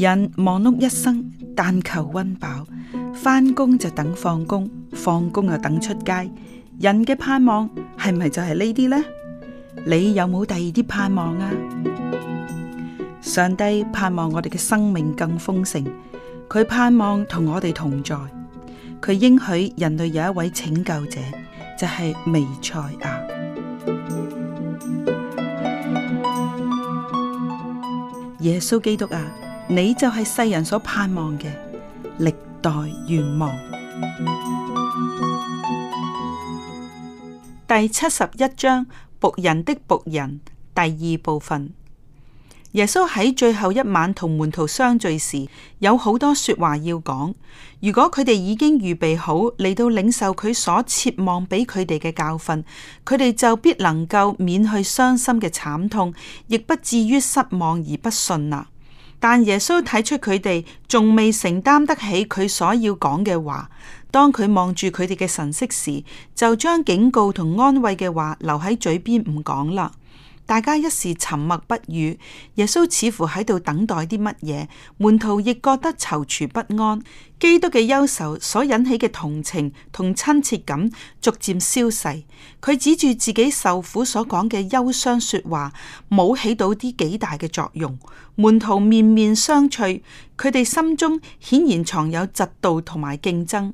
人忙碌一生，但求溫飽，翻工就等放工，放工又等出街。人嘅盼望係咪就係呢啲呢？你有冇第二啲盼望啊？上帝盼望我哋嘅生命更豐盛，佢盼望同我哋同在，佢應許人類有一位拯救者，就係彌賽亞，耶穌基督啊！你就係世人所盼望嘅歷代願望。第七十一章僕人的僕人第二部分。耶穌喺最後一晚同門徒相聚時，有好多說話要講。如果佢哋已經預備好嚟到領受佢所切望俾佢哋嘅教訓，佢哋就必能夠免去傷心嘅慘痛，亦不至於失望而不信啦。但耶穌睇出佢哋仲未承擔得起佢所要講嘅話，當佢望住佢哋嘅神色時，就將警告同安慰嘅話留喺嘴邊唔講啦。大家一時沉默不語，耶穌似乎喺度等待啲乜嘢，門徒亦覺得躊躇不安。基督嘅憂愁所引起嘅同情同親切感逐漸消逝，佢指住自己受苦所講嘅憂傷說話，冇起到啲幾大嘅作用。門徒面面相覷，佢哋心中顯然藏有嫉妒同埋競爭。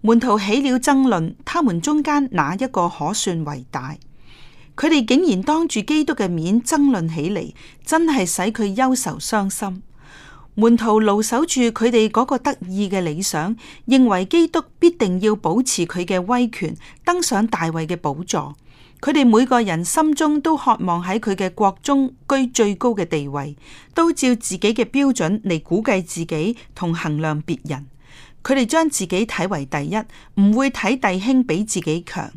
門徒起了爭論，他們中間哪一個可算為大？佢哋竟然當住基督嘅面爭論起嚟，真係使佢憂愁傷心。門徒牢守住佢哋嗰個得意嘅理想，認為基督必定要保持佢嘅威權，登上大衛嘅寶座。佢哋每個人心中都渴望喺佢嘅國中居最高嘅地位，都照自己嘅標準嚟估計自己同衡量別人。佢哋將自己睇為第一，唔會睇弟兄比自己強。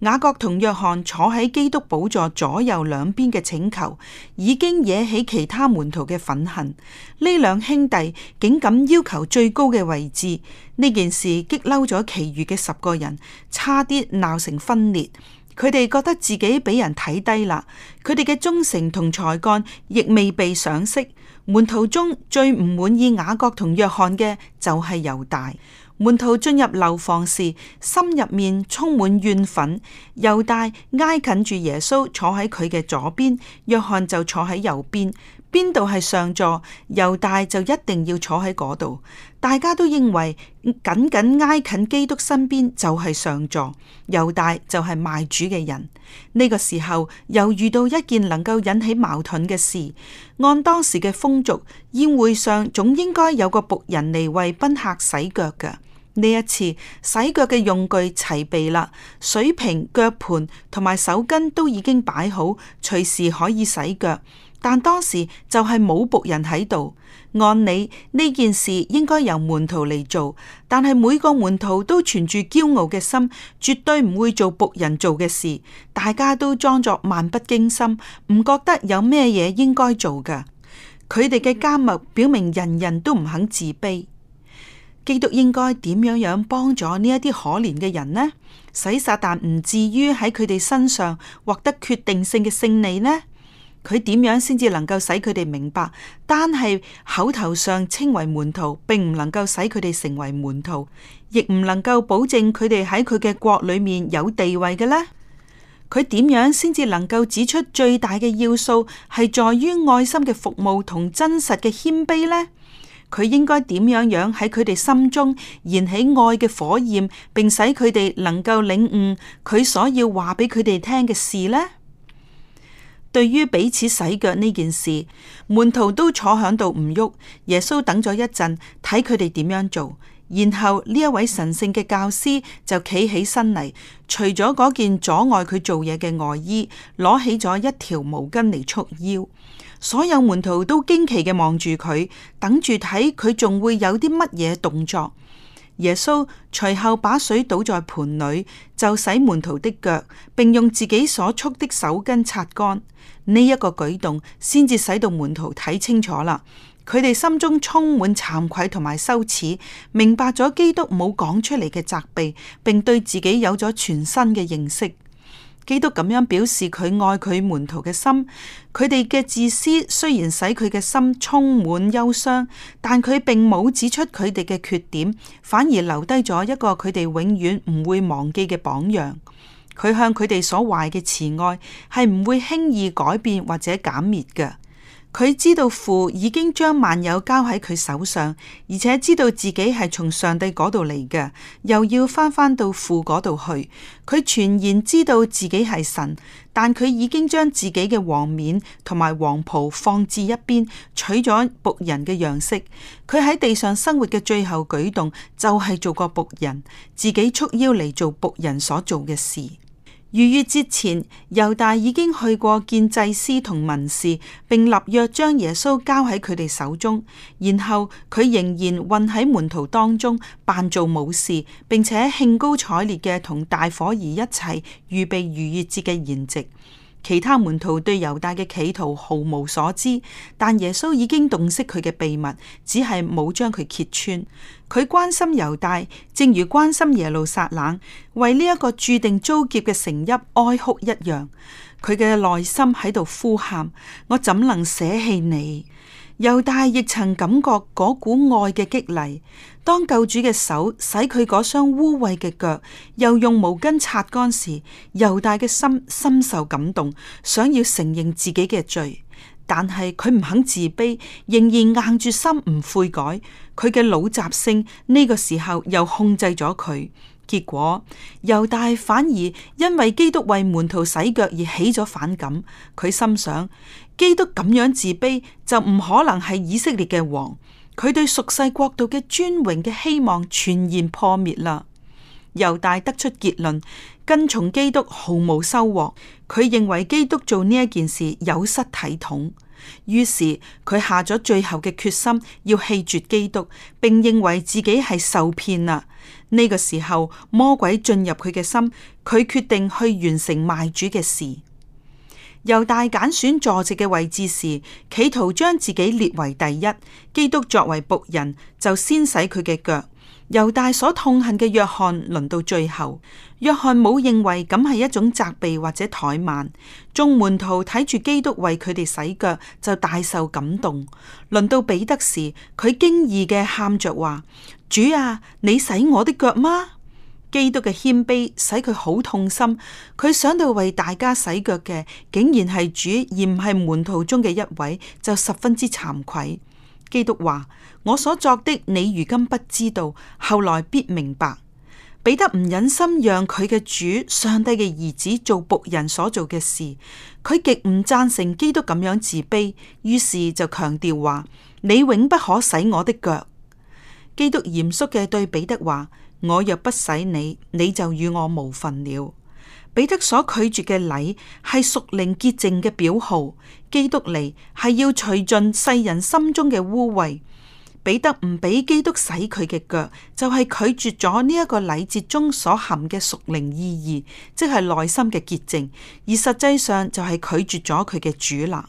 雅各同約翰坐喺基督寶座左右兩邊嘅請求，已經惹起其他門徒嘅憤恨。呢兩兄弟竟敢要求最高嘅位置，呢件事激嬲咗其餘嘅十個人，差啲鬧成分裂。佢哋覺得自己俾人睇低啦，佢哋嘅忠誠同才幹亦未被賞識。門徒中最唔滿意雅各同約翰嘅，就係猶大。門徒進入樓房時，心入面充滿怨憤。猶大挨近住耶穌坐喺佢嘅左邊，約翰就坐喺右邊。邊度係上座，猶大就一定要坐喺嗰度。大家都認為緊緊挨近基督身邊就係上座，猶大就係賣主嘅人。呢、這個時候又遇到一件能夠引起矛盾嘅事。按當時嘅風俗，宴會上總應該有個僕人嚟為賓客洗腳㗎。呢一次洗腳嘅用具齊備啦，水瓶、腳盆同埋手巾都已經擺好，隨時可以洗腳。但當時就係冇僕人喺度。按理呢件事應該由門徒嚟做，但係每個門徒都存住驕傲嘅心，絕對唔會做僕人做嘅事。大家都裝作漫不經心，唔覺得有咩嘢應該做噶。佢哋嘅緘默表明人人都唔肯自卑。基督應該點樣樣幫助呢一啲可憐嘅人呢？使撒旦唔至於喺佢哋身上獲得決定性嘅勝利呢？佢點樣先至能夠使佢哋明白，單係口頭上稱為門徒，並唔能夠使佢哋成為門徒，亦唔能夠保證佢哋喺佢嘅國裏面有地位嘅呢？佢點樣先至能夠指出最大嘅要素係在於愛心嘅服務同真實嘅謙卑呢？佢應該點樣樣喺佢哋心中燃起愛嘅火焰，並使佢哋能夠領悟佢所要話俾佢哋聽嘅事呢？對於彼此洗腳呢件事，門徒都坐響度唔喐，耶穌等咗一陣，睇佢哋點樣做，然後呢一位神聖嘅教師就企起身嚟，除咗嗰件阻礙佢做嘢嘅外衣，攞起咗一條毛巾嚟束腰。所有門徒都驚奇嘅望住佢，等住睇佢仲會有啲乜嘢動作。耶穌隨後把水倒在盆裏，就洗門徒的腳，並用自己所束的手巾擦乾。呢、這、一個舉動，先至使到門徒睇清楚啦。佢哋心中充滿慚愧同埋羞恥，明白咗基督冇講出嚟嘅責備，並對自己有咗全新嘅認識。基督咁樣表示佢愛佢門徒嘅心，佢哋嘅自私雖然使佢嘅心充滿憂傷，但佢並冇指出佢哋嘅缺點，反而留低咗一個佢哋永遠唔會忘記嘅榜樣。佢向佢哋所懷嘅慈愛係唔會輕易改變或者減滅嘅。佢知道父已經將萬有交喺佢手上，而且知道自己係從上帝嗰度嚟嘅，又要返返到父嗰度去。佢全然知道自己係神，但佢已經將自己嘅皇冕同埋皇袍放置一邊，取咗僕人嘅樣式。佢喺地上生活嘅最後舉動就係做個僕人，自己束腰嚟做僕人所做嘅事。逾越節前，猶大已經去過見祭司同文士，並立約將耶穌交喺佢哋手中。然後佢仍然混喺門徒當中，扮做武士，並且興高采烈嘅同大伙兒一齊預備逾越節嘅筵席。其他門徒對猶大嘅企圖毫無所知，但耶穌已經洞悉佢嘅秘密，只係冇將佢揭穿。佢關心猶大，正如關心耶路撒冷，為呢一個注定遭劫嘅城邑哀哭一樣。佢嘅內心喺度呼喊：我怎能捨棄你？猶大亦曾感覺嗰股愛嘅激勵，當救主嘅手洗佢嗰雙污穢嘅腳，又用毛巾擦乾時，猶大嘅心深受感動，想要承認自己嘅罪，但係佢唔肯自卑，仍然硬住心唔悔改。佢嘅老習性呢個時候又控制咗佢。結果猶大反而因為基督為門徒洗腳而起咗反感，佢心想基督咁樣自卑就唔可能係以色列嘅王，佢對屬世國度嘅尊榮嘅希望全然破滅啦。猶大得出結論，跟從基督毫無收穫，佢認為基督做呢一件事有失體統，於是佢下咗最後嘅決心要棄絕基督，並認為自己係受騙啦。呢個時候，魔鬼進入佢嘅心，佢決定去完成賣主嘅事。猶大揀選坐席嘅位置時，企圖將自己列為第一，基督作為僕人，就先洗佢嘅腳。猶大所痛恨嘅約翰輪到最後，約翰冇認為咁係一種責備或者怠慢，眾門徒睇住基督為佢哋洗腳就大受感動。輪到彼得時，佢驚異嘅喊着話：主啊，你洗我的腳嗎？基督嘅謙卑使佢好痛心，佢想到為大家洗腳嘅竟然係主而唔係門徒中嘅一位，就十分之慚愧。基督話：我所作的，你如今不知道，後來必明白。彼得唔忍心讓佢嘅主、上帝嘅兒子做僕人所做嘅事，佢極唔贊成基督咁樣自卑，於是就強調話：你永不可洗我的腳。基督嚴肅嘅對彼得話：我若不洗你，你就與我無分了。彼得所拒絕嘅禮係屬靈潔淨嘅表號，基督嚟係要除盡世人心中嘅污穢。彼得唔俾基督洗佢嘅腳，就係、是、拒絕咗呢一個禮節中所含嘅屬靈意義，即係內心嘅潔淨，而實際上就係拒絕咗佢嘅主喇。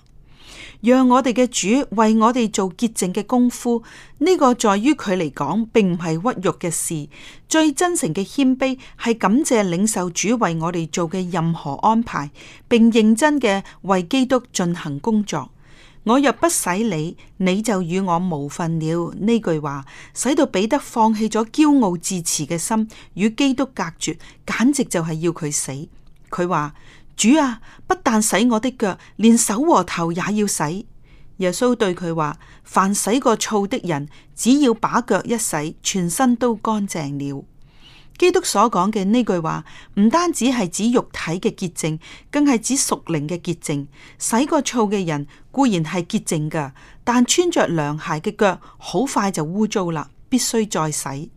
讓我哋嘅主為我哋做潔淨嘅功夫，呢個在於佢嚟講，並唔係屈辱嘅事。最真誠嘅謙卑係感謝領受主為我哋做嘅任何安排，並認真嘅為基督進行工作。我若不使你，你就與我無分了。呢句話使到彼得放棄咗驕傲自持嘅心，與基督隔絕，簡直就係要佢死。佢話。主啊，不但洗我的腳，連手和頭也要洗。耶穌對佢話：凡洗過澡的人，只要把腳一洗，全身都乾淨了。基督所講嘅呢句話，唔單止係指肉體嘅潔淨，更係指屬靈嘅潔淨。洗過澡嘅人固然係潔淨㗎，但穿着涼鞋嘅腳好快就污糟啦，必須再洗。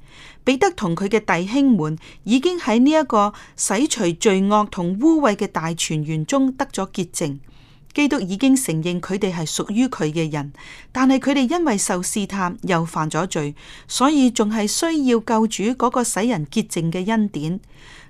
彼得同佢嘅弟兄們已經喺呢一個洗除罪惡同污穢嘅大泉源中得咗潔淨。基督已經承認佢哋係屬於佢嘅人，但係佢哋因為受試探又犯咗罪，所以仲係需要救主嗰個使人潔淨嘅恩典。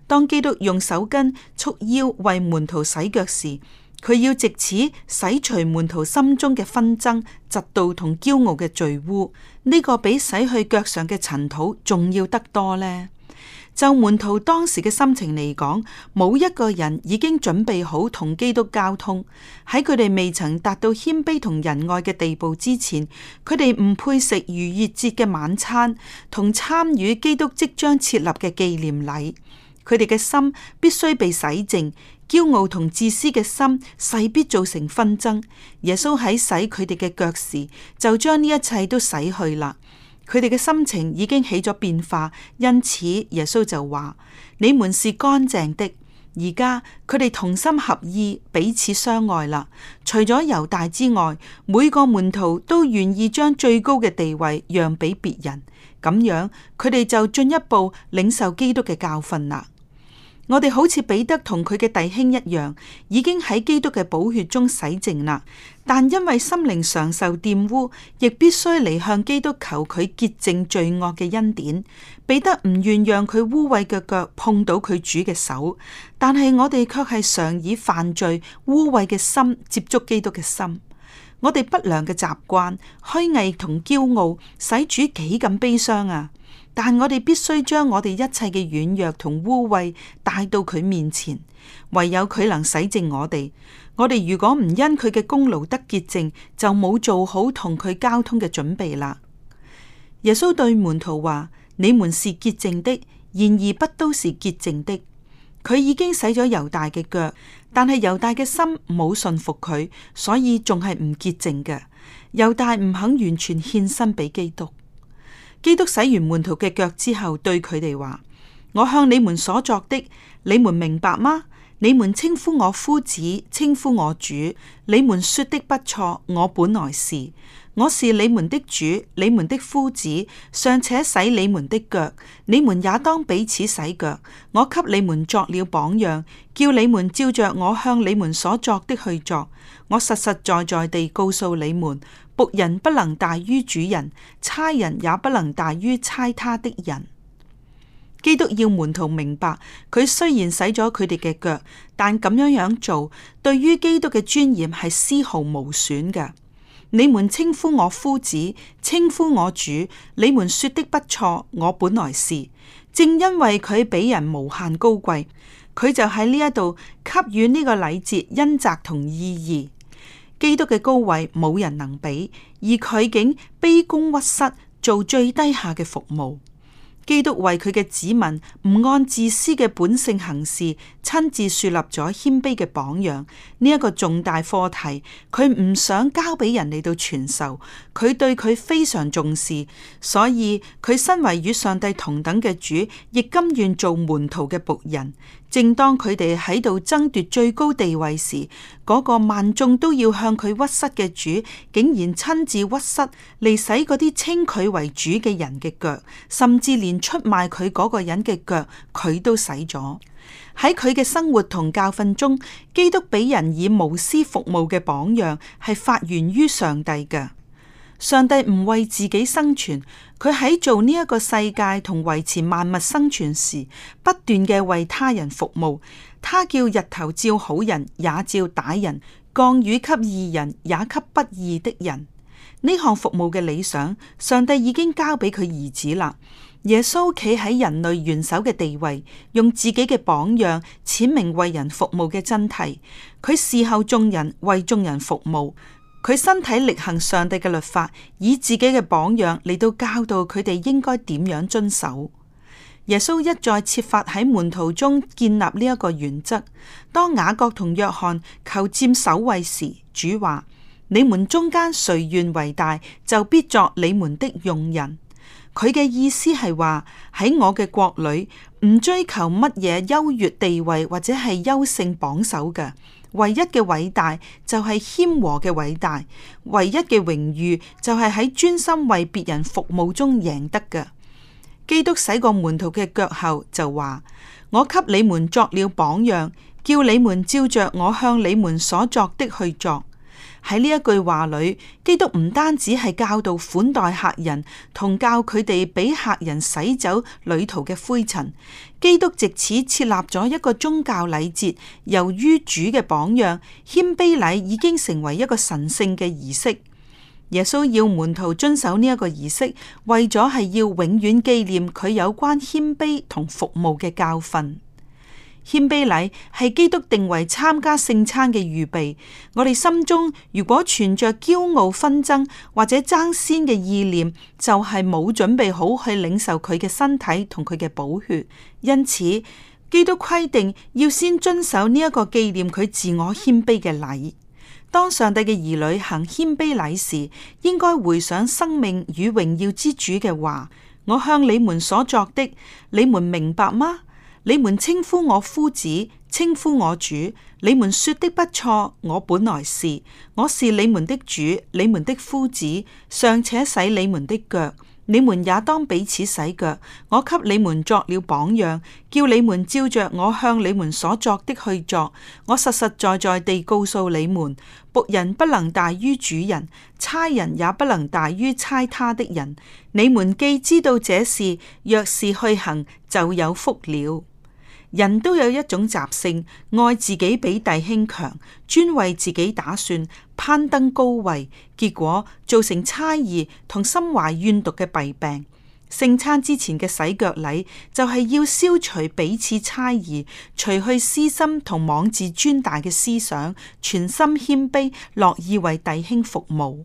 當基督用手巾束腰為門徒洗腳時，佢要借此洗除門徒心中嘅紛爭、嫉妒同驕傲嘅罪污，呢、這個比洗去腳上嘅塵土重要得多呢。就門徒當時嘅心情嚟講，冇一個人已經準備好同基督交通，喺佢哋未曾達到謙卑同仁愛嘅地步之前，佢哋唔配食逾越節嘅晚餐同參與基督即將設立嘅紀念禮。佢哋嘅心必須被洗淨，驕傲同自私嘅心勢必造成紛爭。耶穌喺洗佢哋嘅腳時，就將呢一切都洗去啦。佢哋嘅心情已經起咗變化，因此耶穌就話：你們是乾淨的。而家佢哋同心合意，彼此相愛啦。除咗猶大之外，每個門徒都願意將最高嘅地位讓俾別人，咁樣佢哋就進一步領受基督嘅教訓啦。我哋好似彼得同佢嘅弟兄一樣，已經喺基督嘅寶血中洗淨啦，但因為心靈常受玷污，亦必須嚟向基督求佢潔淨罪惡嘅恩典。彼得唔願讓佢污穢嘅腳腳碰到佢主嘅手，但係我哋卻係常以犯罪、污穢嘅心接觸基督嘅心。我哋不良嘅習慣、虛偽同驕傲，使主幾咁悲傷啊！但我哋必須將我哋一切嘅軟弱同污穢帶到佢面前，唯有佢能洗淨我哋。我哋如果唔因佢嘅功勞得潔淨，就冇做好同佢交通嘅準備啦。耶穌對門徒話：你們是潔淨的，然而不都是潔淨的。佢已經洗咗猶大嘅腳，但係猶大嘅心冇信服佢，所以仲係唔潔淨嘅。猶大唔肯完全獻身俾基督。基督洗完門徒嘅腳之後，對佢哋話：我向你們所作的，你們明白嗎？你們稱呼我夫子，稱呼我主，你們說的不錯，我本來是，我是你們的主，你們的夫子，尚且洗你們的腳，你們也當彼此洗腳。我給你們作了榜樣，叫你們照着我向你們所作的去作。我實實在在地告訴你們。僕人不能大於主人，差人也不能大於差他的人。基督要門徒明白，佢雖然洗咗佢哋嘅腳，但咁樣樣做對於基督嘅尊嚴係絲毫無損嘅。你們稱呼我夫子，稱呼我主，你們說的不錯，我本來是。正因為佢俾人無限高貴，佢就喺呢一度給予呢個禮節恩澤同意義。基督嘅高位冇人能比，而佢竟卑躬屈膝做最低下嘅服務。基督為佢嘅子民唔按自私嘅本性行事，親自樹立咗謙卑嘅榜樣。呢、這、一個重大課題，佢唔想交俾人嚟到傳授，佢對佢非常重視，所以佢身為與上帝同等嘅主，亦甘願做門徒嘅僕人。正當佢哋喺度爭奪最高地位時，嗰個萬眾都要向佢屈膝嘅主，竟然親自屈膝嚟洗嗰啲稱佢為主嘅人嘅腳，甚至連出賣佢嗰個人嘅腳，佢都洗咗。喺佢嘅生活同教訓中，基督俾人以無私服務嘅榜樣，係發源於上帝嘅。上帝唔為自己生存。佢喺做呢一個世界同維持萬物生存時，不斷嘅為他人服務。他叫日頭照好人也照歹人，降雨給義人也給不義的人。呢項服務嘅理想，上帝已經交俾佢兒子啦。耶穌企喺人類元首嘅地位，用自己嘅榜樣闡明為人服務嘅真諦。佢侍候眾人，為眾人服務。佢身體力行上帝嘅律法，以自己嘅榜樣嚟到教導佢哋應該點樣遵守。耶穌一再設法喺門徒中建立呢一個原則。當雅各同約翰求佔首位時，主話：你們中間誰願為大，就必作你們的用人。佢嘅意思係話喺我嘅國裏，唔追求乜嘢優越地位或者係優勝榜首嘅。唯一嘅偉大就係謙和嘅偉大，唯一嘅榮譽就係喺專心為別人服務中贏得嘅。基督洗過門徒嘅腳後就話：我給你們作了榜樣，叫你們照着我向你們所作的去作。喺呢一句話裏，基督唔單止係教導款待客人，同教佢哋俾客人洗走旅途嘅灰塵。基督借此設立咗一個宗教禮節。由於主嘅榜樣，謙卑禮已經成為一個神聖嘅儀式。耶穌要門徒遵守呢一個儀式，為咗係要永遠紀念佢有關謙卑同服務嘅教訓。謙卑禮係基督定為參加聖餐嘅預備。我哋心中如果存着驕傲、紛爭或者爭先嘅意念，就係冇準備好去領受佢嘅身體同佢嘅寶血。因此，基督規定要先遵守呢一個紀念佢自我謙卑嘅禮。當上帝嘅兒女行謙卑禮時，應該回想生命與榮耀之主嘅話：我向你們所作的，你們明白嗎？你們稱呼我夫子，稱呼我主，你們說的不錯，我本來是。我是你們的主，你們的夫子，尚且洗你們的腳，你們也當彼此洗腳。我給你們作了榜樣，叫你們照着我向你們所作的去作。我實實在在地告訴你們，僕人不能大於主人，差人也不能大於差他的人。你們既知道這事，若是去行，就有福了。人都有一種習性，愛自己比弟兄強，專為自己打算，攀登高位，結果造成猜疑同心懷怨毒嘅弊病。聖餐之前嘅洗腳禮，就係要消除彼此猜疑，除去私心同妄自尊大嘅思想，全心謙卑，樂意為弟兄服務。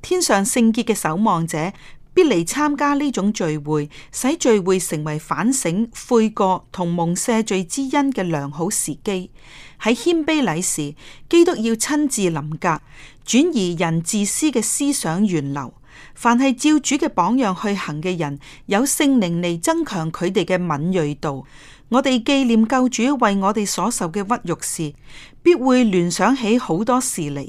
天上聖潔嘅守望者，必嚟參加呢種聚會，使聚會成為反省悔過同蒙赦罪之恩嘅良好時機。喺謙卑禮時，基督要親自臨格，轉移人自私嘅思想源流。凡係照主嘅榜樣去行嘅人，有聖靈嚟增強佢哋嘅敏銳度。我哋紀念救主為我哋所受嘅屈辱時，必會聯想起好多事嚟。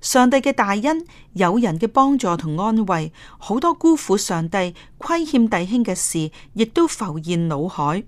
上帝嘅大恩，友人嘅幫助同安慰，好多辜負上帝、虧欠弟兄嘅事，亦都浮現腦海。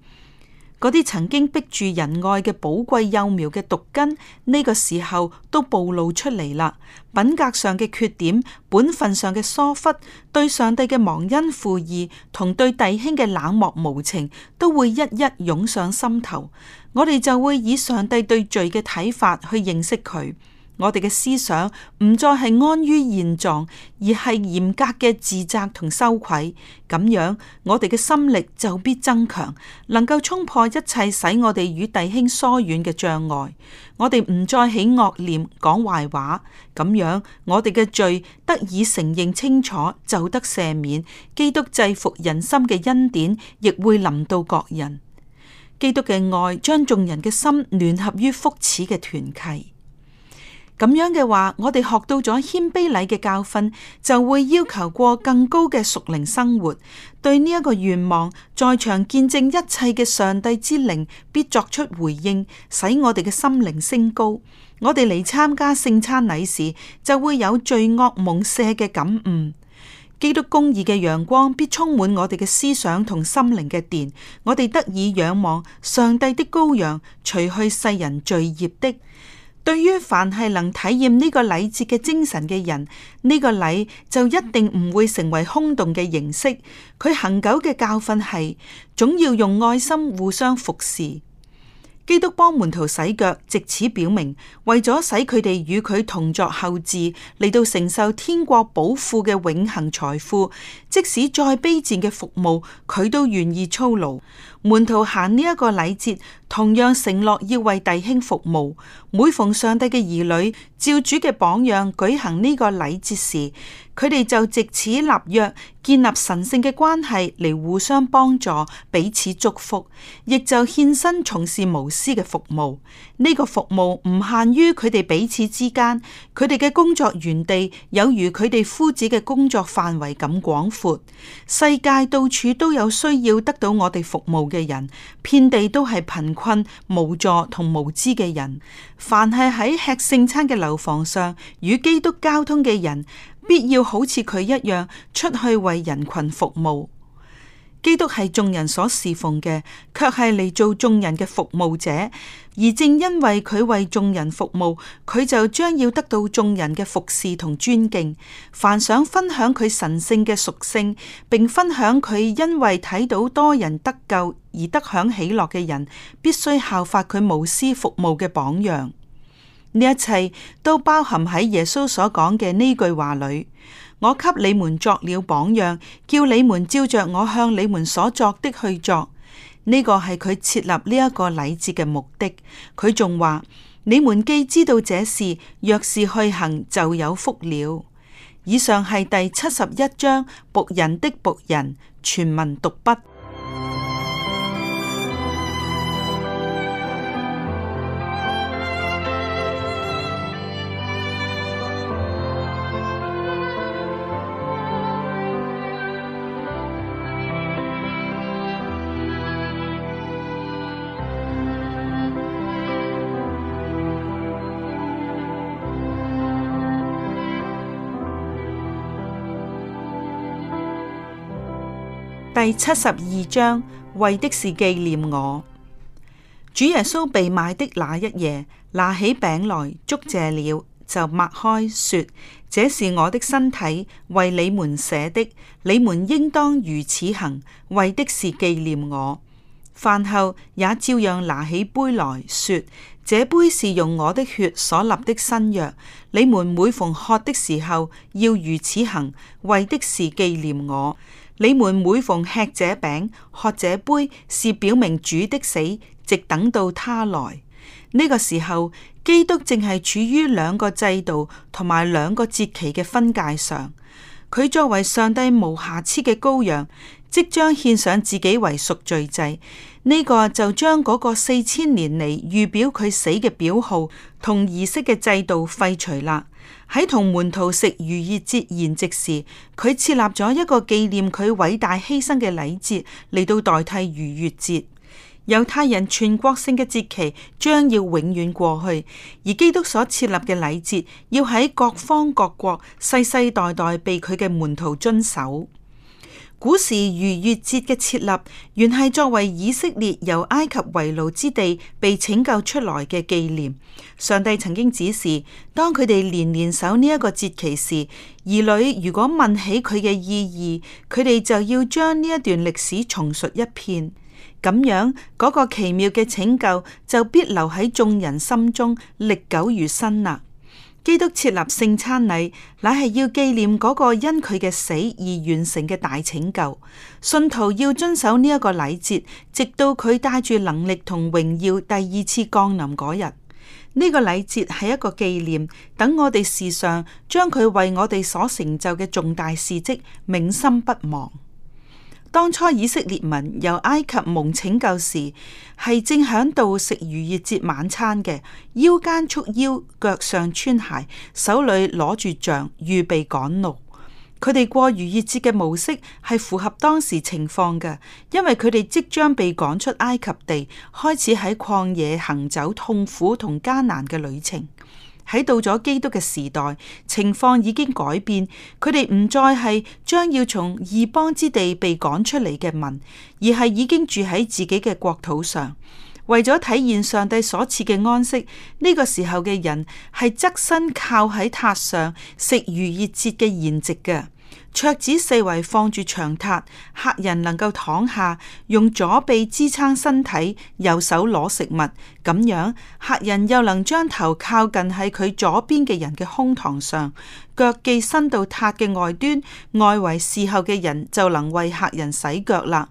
嗰啲曾經逼住仁愛嘅寶貴幼苗嘅毒根，呢個時候都暴露出嚟啦。品格上嘅缺點，本分上嘅疏忽，對上帝嘅忘恩負義，同對弟兄嘅冷漠無情，都會一一湧上心頭。我哋就會以上帝對罪嘅睇法去認識佢。我哋嘅思想唔再係安於現狀，而係嚴格嘅自責同羞愧。咁樣我哋嘅心力就必增強，能夠衝破一切使我哋與弟兄疏遠嘅障礙。我哋唔再起惡念，講壞話。咁樣我哋嘅罪得以承認清楚，就得赦免。基督制服人心嘅恩典亦會臨到各人。基督嘅愛將眾人嘅心聯合於福祉嘅團契。咁樣嘅話，我哋學到咗謙卑禮嘅教訓，就會要求過更高嘅屬靈生活。對呢一個願望，在場見證一切嘅上帝之靈必作出回應，使我哋嘅心靈升高。我哋嚟參加聖餐禮時，就會有罪惡蒙赦嘅感悟。基督公義嘅陽光必充滿我哋嘅思想同心靈嘅電，我哋得以仰望上帝的羔羊，除去世人罪孽的。對於凡係能體驗呢個禮節嘅精神嘅人，呢、這個禮就一定唔會成為空洞嘅形式。佢恒久嘅教訓係，總要用愛心互相服侍。基督幫門徒洗腳，藉此表明為咗使佢哋與佢同作後嗣，嚟到承受天國寶庫嘅永恒財富。即使再卑賤嘅服務，佢都願意操勞。門徒行呢一個禮節，同樣承諾要為弟兄服務。每逢上帝嘅兒女照主嘅榜樣舉行呢個禮節時，佢哋就借此立約，建立神聖嘅關係嚟互相幫助，彼此祝福，亦就獻身從事無私嘅服務。呢個服務唔限於佢哋彼此之間，佢哋嘅工作原地有如佢哋夫子嘅工作範圍咁廣闊，世界到處都有需要得到我哋服務嘅人，遍地都係貧困、無助同無知嘅人。凡係喺吃聖餐嘅樓房上與基督交通嘅人，必要好似佢一樣，出去為人群服務。基督係眾人所侍奉嘅，卻係嚟做眾人嘅服務者。而正因為佢為眾人服務，佢就將要得到眾人嘅服侍同尊敬。凡想分享佢神聖嘅屬性，並分享佢因為睇到多人得救而得享喜樂嘅人，必須效法佢無私服務嘅榜樣。呢一切都包含喺耶穌所講嘅呢句話裏。我給你們作了榜樣，叫你們照着我向你們所作的去作。呢、這個係佢設立呢一個禮節嘅目的。佢仲話：你們既知道這事，若是去行，就有福了。以上係第七十一章僕人的僕人全文讀畢。第七十二章為的是紀念我。主耶穌被賣的那一夜，拿起餅來，祝謝了，就擘開，說：這是我的身體，為你們捨的，你們應當如此行，為的是紀念我。飯後也照樣拿起杯來說：這杯是用我的血所立的新約，你們每逢喝的時候，要如此行，為的是紀念我。你們每逢吃這餅、喝這杯，是表明主的死，直等到他來。呢、這個時候，基督正係處於兩個制度同埋兩個節期嘅分界上。佢作為上帝無瑕疵嘅羔羊，即將獻上自己為贖罪祭。呢、這個就將嗰個四千年嚟預表佢死嘅表號同儀式嘅制度廢除啦。喺同門徒食逾越節筵席時，佢設立咗一個紀念佢偉大犧牲嘅禮節嚟到代替逾越節。猶太人全國性嘅節期將要永遠過去，而基督所設立嘅禮節要喺各方各國、世世代代被佢嘅門徒遵守。古時逾越節嘅設立，原係作為以色列由埃及為奴之地被拯救出來嘅紀念。上帝曾經指示，當佢哋年年守呢一個節期時，兒女如果問起佢嘅意義，佢哋就要將呢一段歷史重述一遍。咁樣嗰、那個奇妙嘅拯救就必留喺眾人心中，歷久如新啦。基督設立聖餐禮，乃係要紀念嗰個因佢嘅死而完成嘅大拯救。信徒要遵守呢一個禮節，直到佢帶住能力同榮耀第二次降臨嗰日。呢、這個禮節係一個紀念，等我哋時常將佢為我哋所成就嘅重大事跡銘心不忘。當初以色列民由埃及蒙拯救時，係正響度食逾越節晚餐嘅，腰間束腰，腳上穿鞋，手裏攞住杖，預備趕路。佢哋過逾越節嘅模式係符合當時情況嘅，因為佢哋即將被趕出埃及地，開始喺曠野行走痛苦同艱難嘅旅程。喺到咗基督嘅時代，情況已經改變，佢哋唔再係將要從異邦之地被趕出嚟嘅民，而係已經住喺自己嘅國土上。為咗體現上帝所賜嘅安息，呢、這個時候嘅人係側身靠喺榻上，食逾越節嘅筵席嘅。桌子四圍放住長榻，客人能夠躺下，用左臂支撐身體，右手攞食物，咁樣客人又能將頭靠近喺佢左邊嘅人嘅胸膛上，腳既伸到榻嘅外端，外圍侍候嘅人就能為客人洗腳啦。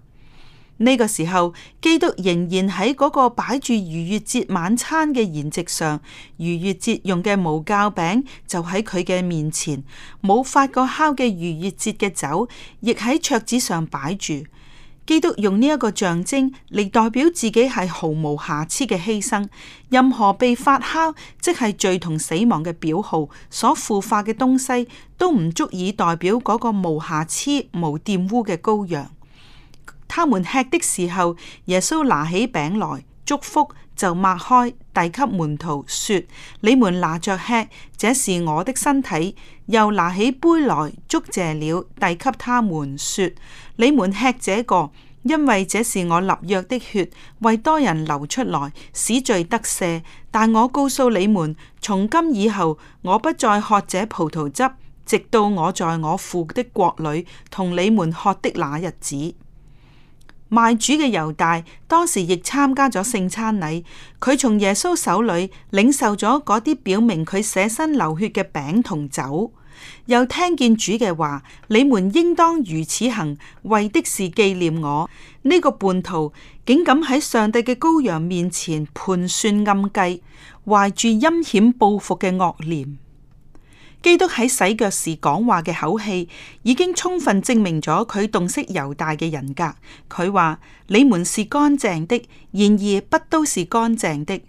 呢個時候，基督仍然喺嗰個擺住逾越節晚餐嘅筵席上，逾越節用嘅無酵餅就喺佢嘅面前，冇發過酵嘅逾越節嘅酒亦喺桌子上擺住。基督用呢一個象徵嚟代表自己係毫無瑕疵嘅犧牲。任何被發酵即係罪同死亡嘅表號所腐化嘅東西，都唔足以代表嗰個無瑕疵、無玷污嘅羔羊。他們吃的時候，耶穌拿起餅來祝福，就擘開，遞給門徒說：你們拿着吃，這是我的身體。又拿起杯來，祝謝了，遞給他們說：你們吃這個，因為這是我立約的血，為多人流出來，使罪得赦。但我告訴你們，從今以後，我不再喝這葡萄汁，直到我在我父的國裏同你們喝的那日子。賣主嘅猶大當時亦參加咗聖餐禮，佢從耶穌手裏領受咗嗰啲表明佢捨身流血嘅餅同酒，又聽見主嘅話：你們應當如此行，為的是紀念我。呢、這個叛徒竟敢喺上帝嘅羔羊面前盤算暗計，懷住陰險報復嘅惡念。基督喺洗腳時講話嘅口氣，已經充分證明咗佢洞悉猶大嘅人格。佢話：你們是乾淨的，然而不都是乾淨的。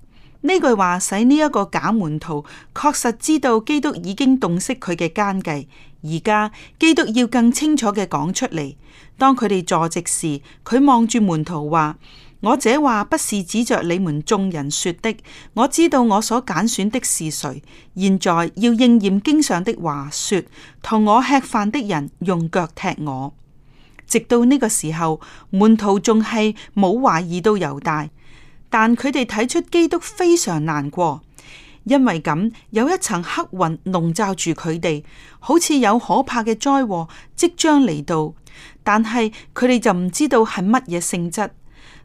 呢句話使呢一個假門徒確實知道基督已經洞悉佢嘅奸計。而家基督要更清楚嘅講出嚟。當佢哋坐席時，佢望住門徒話。我這話不是指着你們眾人說的。我知道我所揀選的是誰，現在要應驗經上的話，說同我吃飯的人用腳踢我。直到呢個時候，門徒仲係冇懷疑到猶大，但佢哋睇出基督非常難過，因為咁有一層黑雲籠罩住佢哋，好似有可怕嘅災禍即將嚟到，但係佢哋就唔知道係乜嘢性質。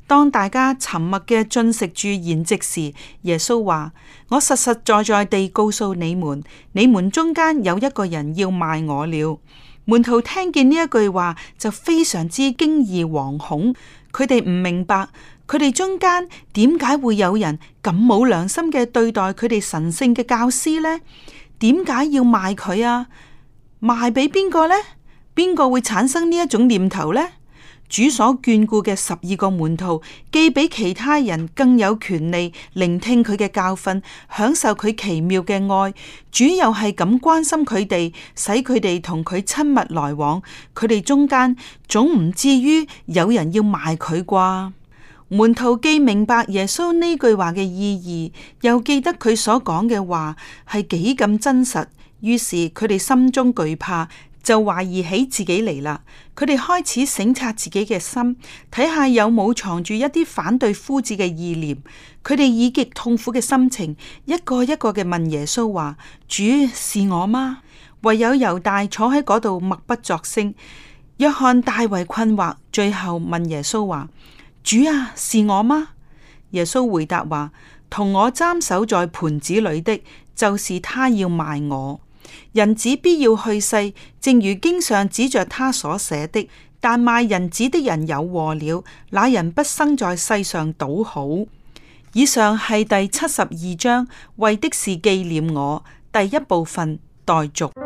當大家沉默嘅進食住筵席時，耶穌話：我實實在在地告訴你們，你們中間有一個人要賣我了。門徒聽見呢一句話，就非常之驚異惶恐。佢哋唔明白，佢哋中間點解會有人咁冇良心嘅對待佢哋神聖嘅教師呢？點解要賣佢啊？賣俾邊個呢？邊個會產生呢一種念頭呢？主所眷顧嘅十二個門徒，既比其他人更有權利聆聽佢嘅教訓，享受佢奇妙嘅愛。主又係咁關心佢哋，使佢哋同佢親密來往。佢哋中間總唔至於有人要賣佢啩？門徒既明白耶穌呢句話嘅意義，又記得佢所講嘅話係幾咁真實，於是佢哋心中懼怕。就懷疑起自己嚟啦，佢哋開始省察自己嘅心，睇下有冇藏住一啲反對夫子嘅意念。佢哋以極痛苦嘅心情，一個一個嘅問耶穌話：主，是我嗎？唯有猶大坐喺嗰度默不作聲。約翰大為困惑，最後問耶穌話：主啊，是我嗎？耶穌回答話：同我蘸手在盤子裏的，就是他要賣我。人子必要去世，正如經上指着他所寫的。但賣人子的人有禍了。那人不生在世上倒好。以上係第七十二章，為的是紀念我。第一部分待續。代